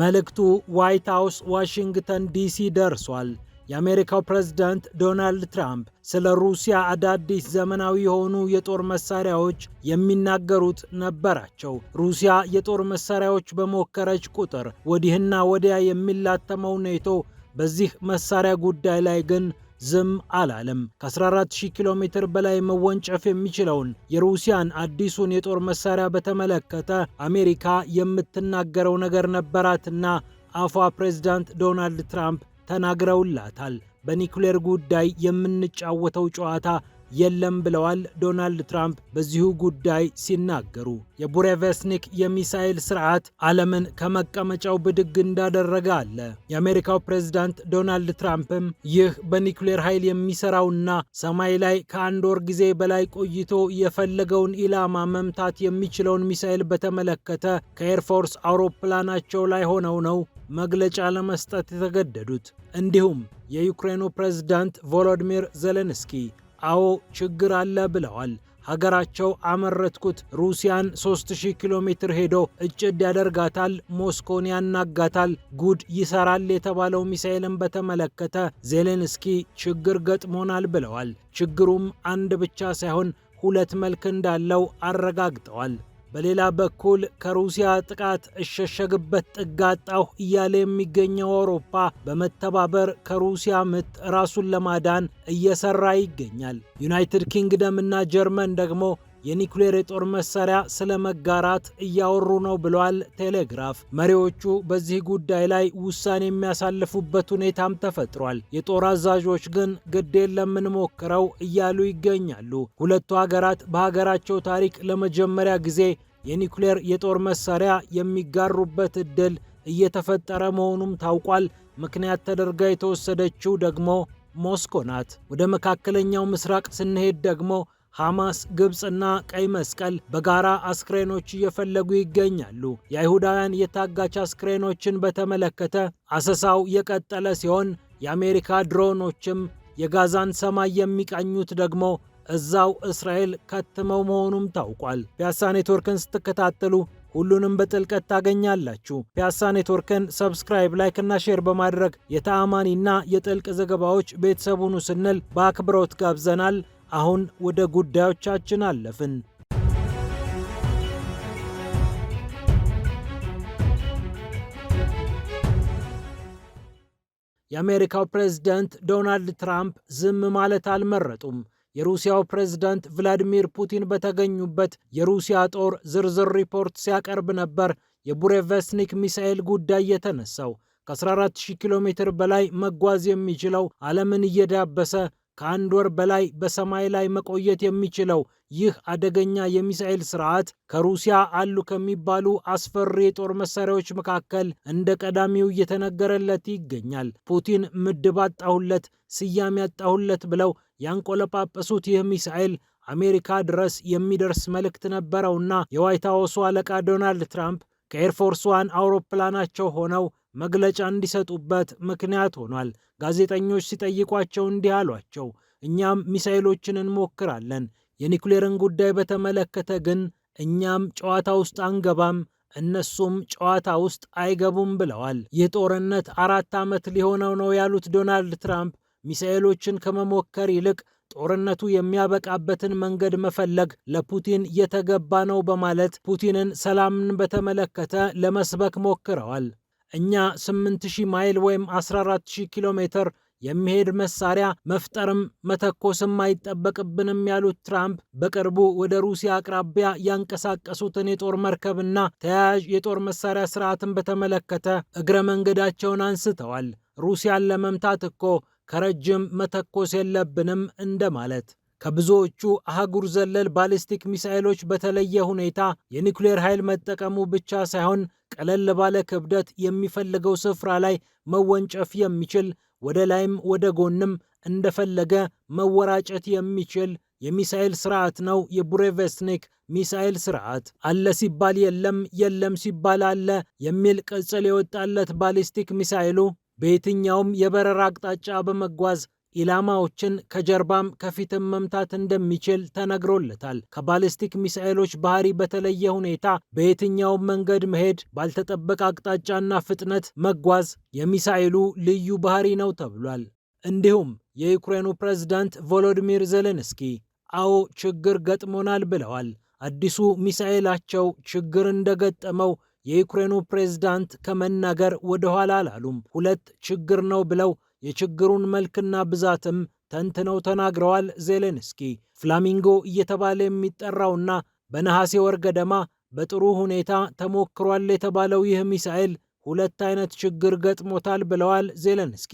መልእክቱ ዋይት ሃውስ ዋሽንግተን ዲሲ ደርሷል። የአሜሪካው ፕሬዝዳንት ዶናልድ ትራምፕ ስለ ሩሲያ አዳዲስ ዘመናዊ የሆኑ የጦር መሳሪያዎች የሚናገሩት ነበራቸው። ሩሲያ የጦር መሳሪያዎች በሞከረች ቁጥር ወዲህና ወዲያ የሚላተመው ኔቶ በዚህ መሳሪያ ጉዳይ ላይ ግን ዝም አላለም። ከ14000 ኪሎ ሜትር በላይ መወንጨፍ የሚችለውን የሩሲያን አዲሱን የጦር መሳሪያ በተመለከተ አሜሪካ የምትናገረው ነገር ነበራትና አፏ ፕሬዝዳንት ዶናልድ ትራምፕ ተናግረውላታል። በኒኩሌር ጉዳይ የምንጫወተው ጨዋታ የለም ብለዋል ዶናልድ ትራምፕ በዚሁ ጉዳይ ሲናገሩ። የቡሬቬስኒክ የሚሳኤል ስርዓት ዓለምን ከመቀመጫው ብድግ እንዳደረገ አለ። የአሜሪካው ፕሬዝዳንት ዶናልድ ትራምፕም ይህ በኒውክሌር ኃይል የሚሰራውና ሰማይ ላይ ከአንድ ወር ጊዜ በላይ ቆይቶ የፈለገውን ኢላማ መምታት የሚችለውን ሚሳኤል በተመለከተ ከኤርፎርስ አውሮፕላናቸው ላይ ሆነው ነው መግለጫ ለመስጠት የተገደዱት። እንዲሁም የዩክሬኑ ፕሬዝዳንት ቮሎዲሚር ዜሌንስኪ አዎ ችግር አለ ብለዋል። ሀገራቸው አመረትኩት ሩሲያን 3000 ኪሎ ሜትር ሄዶ እጭድ ያደርጋታል፣ ሞስኮን ያናጋታል፣ ጉድ ይሰራል የተባለው ሚሳኤልን በተመለከተ ዜሌንስኪ ችግር ገጥሞናል ብለዋል። ችግሩም አንድ ብቻ ሳይሆን ሁለት መልክ እንዳለው አረጋግጠዋል። በሌላ በኩል ከሩሲያ ጥቃት እሸሸግበት ጥጋጣሁ እያለ የሚገኘው አውሮፓ በመተባበር ከሩሲያ ምት ራሱን ለማዳን እየሰራ ይገኛል። ዩናይትድ ኪንግደም እና ጀርመን ደግሞ የኒውክሌር የጦር መሳሪያ ስለ መጋራት እያወሩ ነው ብለዋል ቴሌግራፍ። መሪዎቹ በዚህ ጉዳይ ላይ ውሳኔ የሚያሳልፉበት ሁኔታም ተፈጥሯል። የጦር አዛዦች ግን ግዴን ለምንሞክረው እያሉ ይገኛሉ። ሁለቱ ሀገራት በሀገራቸው ታሪክ ለመጀመሪያ ጊዜ የኒውክሌር የጦር መሳሪያ የሚጋሩበት እድል እየተፈጠረ መሆኑም ታውቋል። ምክንያት ተደርጋ የተወሰደችው ደግሞ ሞስኮ ናት። ወደ መካከለኛው ምስራቅ ስንሄድ ደግሞ ሐማስ፣ ግብፅና ቀይ መስቀል በጋራ አስክሬኖች እየፈለጉ ይገኛሉ። የአይሁዳውያን የታጋች አስክሬኖችን በተመለከተ አሰሳው የቀጠለ ሲሆን የአሜሪካ ድሮኖችም የጋዛን ሰማይ የሚቃኙት ደግሞ እዛው እስራኤል ከትመው መሆኑም ታውቋል። ፒያሳ ኔትወርክን ስትከታተሉ ሁሉንም በጥልቀት ታገኛላችሁ። ፒያሳ ኔትወርክን ሰብስክራይብ፣ ላይክና ሼር በማድረግ የተአማኒና የጥልቅ ዘገባዎች ቤተሰቡን ስንል በአክብሮት ጋብዘናል። አሁን ወደ ጉዳዮቻችን አለፍን። የአሜሪካው ፕሬዝዳንት ዶናልድ ትራምፕ ዝም ማለት አልመረጡም። የሩሲያው ፕሬዝዳንት ቭላዲሚር ፑቲን በተገኙበት የሩሲያ ጦር ዝርዝር ሪፖርት ሲያቀርብ ነበር የቡሬቨስኒክ ሚሳኤል ጉዳይ የተነሳው። ከ14000 ኪሎ ሜትር በላይ መጓዝ የሚችለው ዓለምን እየዳበሰ ከአንድ ወር በላይ በሰማይ ላይ መቆየት የሚችለው ይህ አደገኛ የሚሳኤል ስርዓት ከሩሲያ አሉ ከሚባሉ አስፈሪ የጦር መሳሪያዎች መካከል እንደ ቀዳሚው እየተነገረለት ይገኛል። ፑቲን ምድብ አጣሁለት፣ ስያሜ አጣሁለት ብለው ያንቆለጳጰሱት ይህ ሚሳኤል አሜሪካ ድረስ የሚደርስ መልእክት ነበረውና የዋይት ሀውሱ አለቃ ዶናልድ ትራምፕ ከኤርፎርስ ዋን አውሮፕላናቸው ሆነው መግለጫ እንዲሰጡበት ምክንያት ሆኗል። ጋዜጠኞች ሲጠይቋቸው እንዲህ አሏቸው፣ እኛም ሚሳይሎችን እንሞክራለን፣ የኒውክሌርን ጉዳይ በተመለከተ ግን እኛም ጨዋታ ውስጥ አንገባም፣ እነሱም ጨዋታ ውስጥ አይገቡም ብለዋል። ይህ ጦርነት አራት ዓመት ሊሆነው ነው ያሉት ዶናልድ ትራምፕ ሚሳኤሎችን ከመሞከር ይልቅ ጦርነቱ የሚያበቃበትን መንገድ መፈለግ ለፑቲን የተገባ ነው በማለት ፑቲንን ሰላምን በተመለከተ ለመስበክ ሞክረዋል። እኛ 8000 ማይል ወይም 14000 ኪሎ ሜትር የሚሄድ መሳሪያ መፍጠርም መተኮስም አይጠበቅብንም ያሉት ትራምፕ በቅርቡ ወደ ሩሲያ አቅራቢያ ያንቀሳቀሱትን የጦር መርከብና ተያያዥ የጦር መሳሪያ ስርዓትን በተመለከተ እግረ መንገዳቸውን አንስተዋል። ሩሲያን ለመምታት እኮ ከረጅም መተኮስ የለብንም እንደማለት ከብዙዎቹ አህጉር ዘለል ባሊስቲክ ሚሳኤሎች በተለየ ሁኔታ የኒውክሌር ኃይል መጠቀሙ ብቻ ሳይሆን ቀለል ባለ ክብደት የሚፈልገው ስፍራ ላይ መወንጨፍ የሚችል ወደ ላይም ወደ ጎንም እንደፈለገ መወራጨት የሚችል የሚሳኤል ስርዓት ነው። የቡሬቬስኒክ ሚሳኤል ስርዓት አለ ሲባል የለም፣ የለም ሲባል አለ የሚል ቅጽል የወጣለት ባሊስቲክ ሚሳኤሉ በየትኛውም የበረራ አቅጣጫ በመጓዝ ኢላማዎችን ከጀርባም ከፊትም መምታት እንደሚችል ተነግሮለታል። ከባሊስቲክ ሚሳኤሎች ባህሪ በተለየ ሁኔታ በየትኛውም መንገድ መሄድ፣ ባልተጠበቀ አቅጣጫና ፍጥነት መጓዝ የሚሳኤሉ ልዩ ባህሪ ነው ተብሏል። እንዲሁም የዩክሬኑ ፕሬዝዳንት ቮሎዲሚር ዜሌንስኪ አዎ ችግር ገጥሞናል ብለዋል። አዲሱ ሚሳኤላቸው ችግር እንደገጠመው የዩክሬኑ ፕሬዝዳንት ከመናገር ወደኋላ አላሉም። ሁለት ችግር ነው ብለው የችግሩን መልክና ብዛትም ተንትነው ተናግረዋል። ዜሌንስኪ ፍላሚንጎ እየተባለ የሚጠራውና በነሐሴ ወር ገደማ በጥሩ ሁኔታ ተሞክሯል የተባለው ይህ ሚሳኤል ሁለት አይነት ችግር ገጥሞታል ብለዋል ዜሌንስኪ።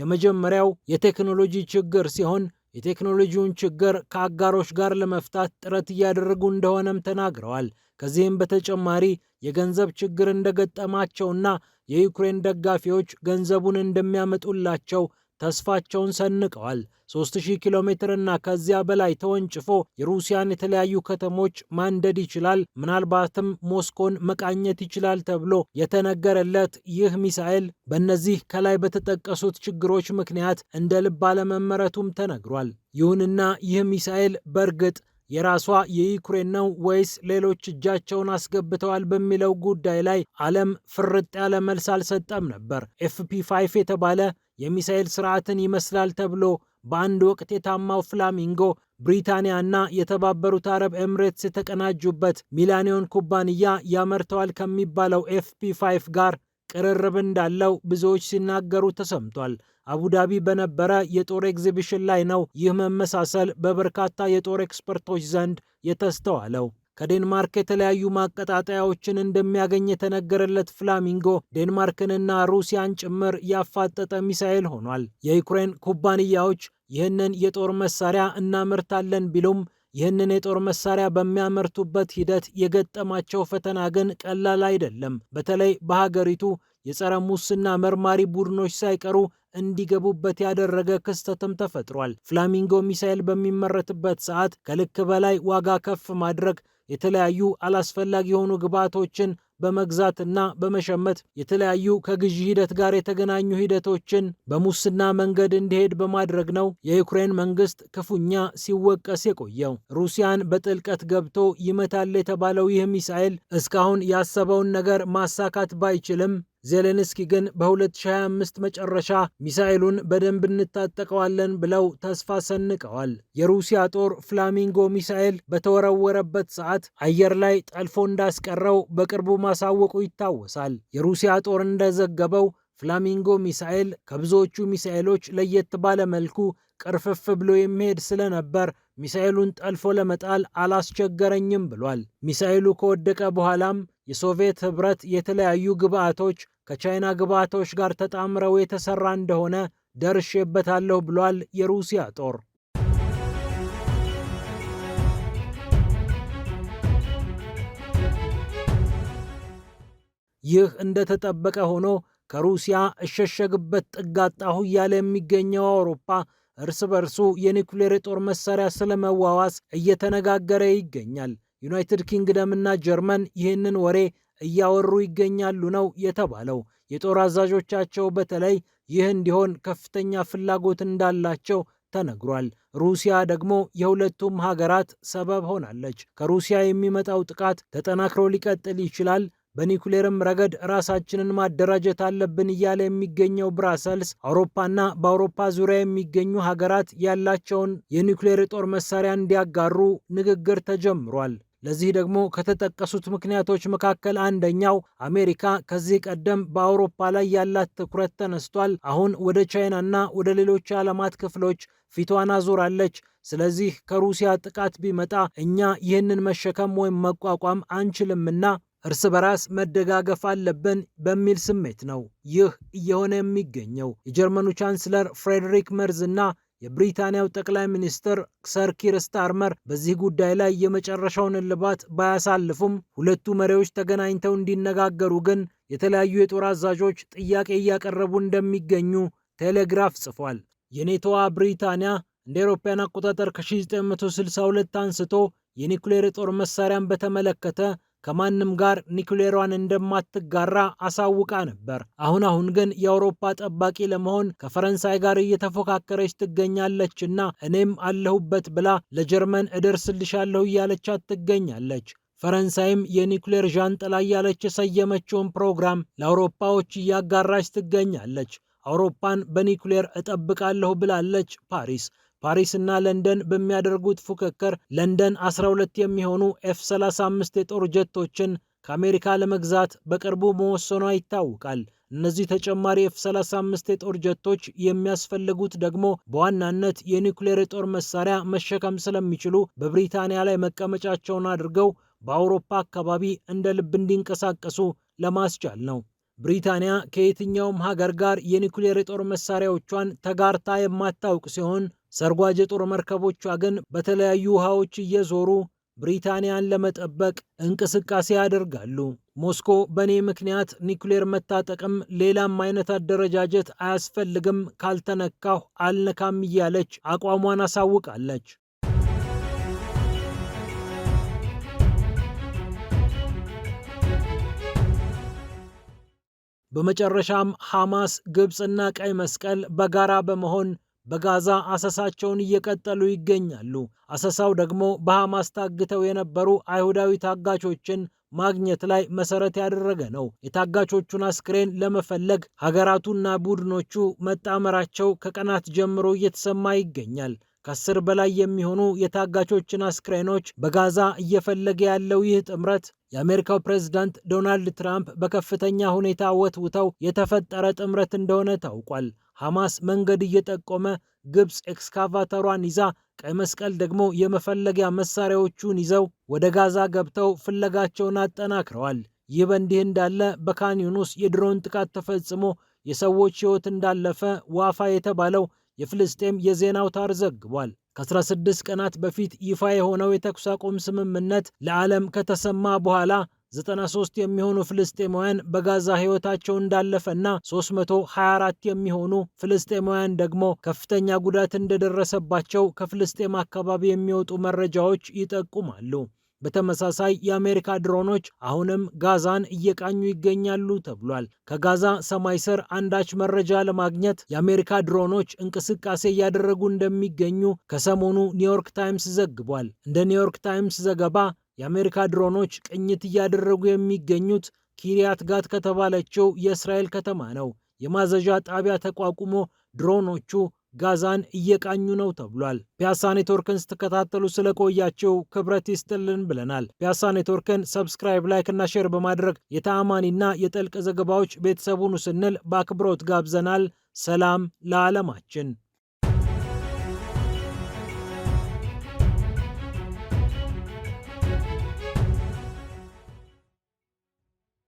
የመጀመሪያው የቴክኖሎጂ ችግር ሲሆን የቴክኖሎጂውን ችግር ከአጋሮች ጋር ለመፍታት ጥረት እያደረጉ እንደሆነም ተናግረዋል። ከዚህም በተጨማሪ የገንዘብ ችግር እንደገጠማቸውና የዩክሬን ደጋፊዎች ገንዘቡን እንደሚያመጡላቸው ተስፋቸውን ሰንቀዋል። 3000 ኪሎ ሜትር እና ከዚያ በላይ ተወንጭፎ የሩሲያን የተለያዩ ከተሞች ማንደድ ይችላል፣ ምናልባትም ሞስኮን መቃኘት ይችላል ተብሎ የተነገረለት ይህ ሚሳኤል በእነዚህ ከላይ በተጠቀሱት ችግሮች ምክንያት እንደ ልብ አለመመረቱም ተነግሯል። ይሁንና ይህ ሚሳኤል በእርግጥ የራሷ የዩክሬን ነው ወይስ ሌሎች እጃቸውን አስገብተዋል በሚለው ጉዳይ ላይ ዓለም ፍርጥ ያለ መልስ አልሰጠም ነበር። ኤፍፒ 5 የተባለ የሚሳኤል ስርዓትን ይመስላል ተብሎ በአንድ ወቅት የታማው ፍላሚንጎ ብሪታንያ እና የተባበሩት አረብ ኤምሬትስ የተቀናጁበት ሚላኒዮን ኩባንያ ያመርተዋል ከሚባለው ኤፍፒ 5 ጋር ቅርርብ እንዳለው ብዙዎች ሲናገሩ ተሰምቷል። አቡዳቢ በነበረ የጦር ኤግዚቢሽን ላይ ነው ይህ መመሳሰል በበርካታ የጦር ኤክስፐርቶች ዘንድ የተስተዋለው። ከዴንማርክ የተለያዩ ማቀጣጠያዎችን እንደሚያገኝ የተነገረለት ፍላሚንጎ ዴንማርክንና ሩሲያን ጭምር ያፋጠጠ ሚሳኤል ሆኗል። የዩክሬን ኩባንያዎች ይህንን የጦር መሳሪያ እናመርታለን ቢሉም ይህንን የጦር መሳሪያ በሚያመርቱበት ሂደት የገጠማቸው ፈተና ግን ቀላል አይደለም። በተለይ በሀገሪቱ የጸረ ሙስና መርማሪ ቡድኖች ሳይቀሩ እንዲገቡበት ያደረገ ክስተትም ተፈጥሯል። ፍላሚንጎ ሚሳኤል በሚመረትበት ሰዓት ከልክ በላይ ዋጋ ከፍ ማድረግ የተለያዩ አላስፈላጊ የሆኑ ግብዓቶችን በመግዛት እና በመሸመት የተለያዩ ከግዢ ሂደት ጋር የተገናኙ ሂደቶችን በሙስና መንገድ እንዲሄድ በማድረግ ነው የዩክሬን መንግስት ክፉኛ ሲወቀስ የቆየው። ሩሲያን በጥልቀት ገብቶ ይመታል የተባለው ይህ ሚሳኤል እስካሁን ያሰበውን ነገር ማሳካት ባይችልም ዜሌንስኪ ግን በ2025 መጨረሻ ሚሳኤሉን በደንብ እንታጠቀዋለን ብለው ተስፋ ሰንቀዋል። የሩሲያ ጦር ፍላሚንጎ ሚሳኤል በተወረወረበት ሰዓት አየር ላይ ጠልፎ እንዳስቀረው በቅርቡ ማሳወቁ ይታወሳል። የሩሲያ ጦር እንደዘገበው ፍላሚንጎ ሚሳኤል ከብዙዎቹ ሚሳኤሎች ለየት ባለ መልኩ ቅርፍፍ ብሎ የሚሄድ ስለነበር ሚሳኤሉን ጠልፎ ለመጣል አላስቸገረኝም ብሏል። ሚሳኤሉ ከወደቀ በኋላም የሶቪየት ኅብረት የተለያዩ ግብዓቶች ከቻይና ግብዓቶች ጋር ተጣምረው የተሰራ እንደሆነ ደርሼበታለሁ ብሏል የሩሲያ ጦር። ይህ እንደተጠበቀ ሆኖ ከሩሲያ እሸሸግበት ጥጋጣሁ እያለ የሚገኘው አውሮፓ እርስ በርሱ የኒውክሌር የጦር መሳሪያ ስለመዋዋስ እየተነጋገረ ይገኛል። ዩናይትድ ኪንግደም እና ጀርመን ይህንን ወሬ እያወሩ ይገኛሉ ነው የተባለው። የጦር አዛዦቻቸው በተለይ ይህ እንዲሆን ከፍተኛ ፍላጎት እንዳላቸው ተነግሯል። ሩሲያ ደግሞ የሁለቱም ሀገራት ሰበብ ሆናለች። ከሩሲያ የሚመጣው ጥቃት ተጠናክሮ ሊቀጥል ይችላል። በኒውክሌርም ረገድ ራሳችንን ማደራጀት አለብን እያለ የሚገኘው ብራሰልስ አውሮፓና በአውሮፓ ዙሪያ የሚገኙ ሀገራት ያላቸውን የኒውክሌር ጦር መሳሪያ እንዲያጋሩ ንግግር ተጀምሯል። ለዚህ ደግሞ ከተጠቀሱት ምክንያቶች መካከል አንደኛው አሜሪካ ከዚህ ቀደም በአውሮፓ ላይ ያላት ትኩረት ተነስቷል። አሁን ወደ ቻይናና ወደ ሌሎች የዓለማት ክፍሎች ፊቷን አዞራለች። ስለዚህ ከሩሲያ ጥቃት ቢመጣ እኛ ይህንን መሸከም ወይም መቋቋም አንችልምና እርስ በራስ መደጋገፍ አለብን በሚል ስሜት ነው ይህ እየሆነ የሚገኘው። የጀርመኑ ቻንስለር ፍሬድሪክ መርዝ እና የብሪታንያው ጠቅላይ ሚኒስትር ሰር ኪር ስታርመር በዚህ ጉዳይ ላይ የመጨረሻውን እልባት ባያሳልፉም ሁለቱ መሪዎች ተገናኝተው እንዲነጋገሩ ግን የተለያዩ የጦር አዛዦች ጥያቄ እያቀረቡ እንደሚገኙ ቴሌግራፍ ጽፏል። የኔቶዋ ብሪታንያ እንደ አውሮፓውያን አቆጣጠር ከ1962 አንስቶ የኒውክሌር ጦር መሳሪያን በተመለከተ ከማንም ጋር ኒውክሌሯን እንደማትጋራ አሳውቃ ነበር። አሁን አሁን ግን የአውሮፓ ጠባቂ ለመሆን ከፈረንሳይ ጋር እየተፎካከረች ትገኛለች እና እኔም አለሁበት ብላ ለጀርመን እደርስልሻለሁ እያለቻት ትገኛለች። ፈረንሳይም የኒውክሌር ዣንጥላ እያለች የሰየመችውን ፕሮግራም ለአውሮፓዎች እያጋራች ትገኛለች። አውሮፓን በኒውክሌር እጠብቃለሁ ብላለች ፓሪስ። ፓሪስና ለንደን በሚያደርጉት ፉክክር ለንደን 12 የሚሆኑ ኤፍ 35 የጦር ጀቶችን ከአሜሪካ ለመግዛት በቅርቡ መወሰኗ ይታወቃል። እነዚህ ተጨማሪ ኤፍ 35 የጦር ጀቶች የሚያስፈልጉት ደግሞ በዋናነት የኒውክሌር የጦር መሳሪያ መሸከም ስለሚችሉ በብሪታንያ ላይ መቀመጫቸውን አድርገው በአውሮፓ አካባቢ እንደ ልብ እንዲንቀሳቀሱ ለማስቻል ነው። ብሪታንያ ከየትኛውም ሀገር ጋር የኒውክሌር የጦር መሳሪያዎቿን ተጋርታ የማታውቅ ሲሆን ሰርጓጅ የጦር መርከቦቿ ግን በተለያዩ ውሃዎች እየዞሩ ብሪታንያን ለመጠበቅ እንቅስቃሴ ያደርጋሉ። ሞስኮ በእኔ ምክንያት ኒውክሌር መታጠቅም ሌላም አይነት አደረጃጀት አያስፈልግም፣ ካልተነካሁ አልነካም እያለች አቋሟን አሳውቃለች። በመጨረሻም ሐማስ፣ ግብፅና ቀይ መስቀል በጋራ በመሆን በጋዛ አሰሳቸውን እየቀጠሉ ይገኛሉ። አሰሳው ደግሞ በሐማስ ታግተው የነበሩ አይሁዳዊ ታጋቾችን ማግኘት ላይ መሰረት ያደረገ ነው። የታጋቾቹን አስክሬን ለመፈለግ ሀገራቱና ቡድኖቹ መጣመራቸው ከቀናት ጀምሮ እየተሰማ ይገኛል። ከአስር በላይ የሚሆኑ የታጋቾችን አስክሬኖች በጋዛ እየፈለገ ያለው ይህ ጥምረት የአሜሪካው ፕሬዝዳንት ዶናልድ ትራምፕ በከፍተኛ ሁኔታ ወትውተው የተፈጠረ ጥምረት እንደሆነ ታውቋል። ሐማስ መንገድ እየጠቆመ ግብፅ ኤክስካቫተሯን ይዛ ቀይ መስቀል ደግሞ የመፈለጊያ መሳሪያዎቹን ይዘው ወደ ጋዛ ገብተው ፍለጋቸውን አጠናክረዋል። ይህ በእንዲህ እንዳለ በካንዩኑስ የድሮን ጥቃት ተፈጽሞ የሰዎች ሕይወት እንዳለፈ ዋፋ የተባለው የፍልስጤም የዜና አውታር ዘግቧል። ከ16 ቀናት በፊት ይፋ የሆነው የተኩስ አቁም ስምምነት ለዓለም ከተሰማ በኋላ 93 የሚሆኑ ፍልስጤማውያን በጋዛ ሕይወታቸው እንዳለፈና 324 የሚሆኑ ፍልስጤማውያን ደግሞ ከፍተኛ ጉዳት እንደደረሰባቸው ከፍልስጤም አካባቢ የሚወጡ መረጃዎች ይጠቁማሉ። በተመሳሳይ የአሜሪካ ድሮኖች አሁንም ጋዛን እየቃኙ ይገኛሉ ተብሏል። ከጋዛ ሰማይ ስር አንዳች መረጃ ለማግኘት የአሜሪካ ድሮኖች እንቅስቃሴ እያደረጉ እንደሚገኙ ከሰሞኑ ኒውዮርክ ታይምስ ዘግቧል። እንደ ኒውዮርክ ታይምስ ዘገባ የአሜሪካ ድሮኖች ቅኝት እያደረጉ የሚገኙት ኪሪያት ጋት ከተባለችው የእስራኤል ከተማ ነው። የማዘዣ ጣቢያ ተቋቁሞ ድሮኖቹ ጋዛን እየቃኙ ነው ተብሏል። ፒያሳ ኔትወርክን ስትከታተሉ ስለቆያቸው ክብረት ይስጥልን ብለናል። ፒያሳ ኔትወርክን ሰብስክራይብ፣ ላይክ እና ሼር በማድረግ የተአማኒና የጥልቅ ዘገባዎች ቤተሰቡን ስንል በአክብሮት ጋብዘናል። ሰላም ለዓለማችን።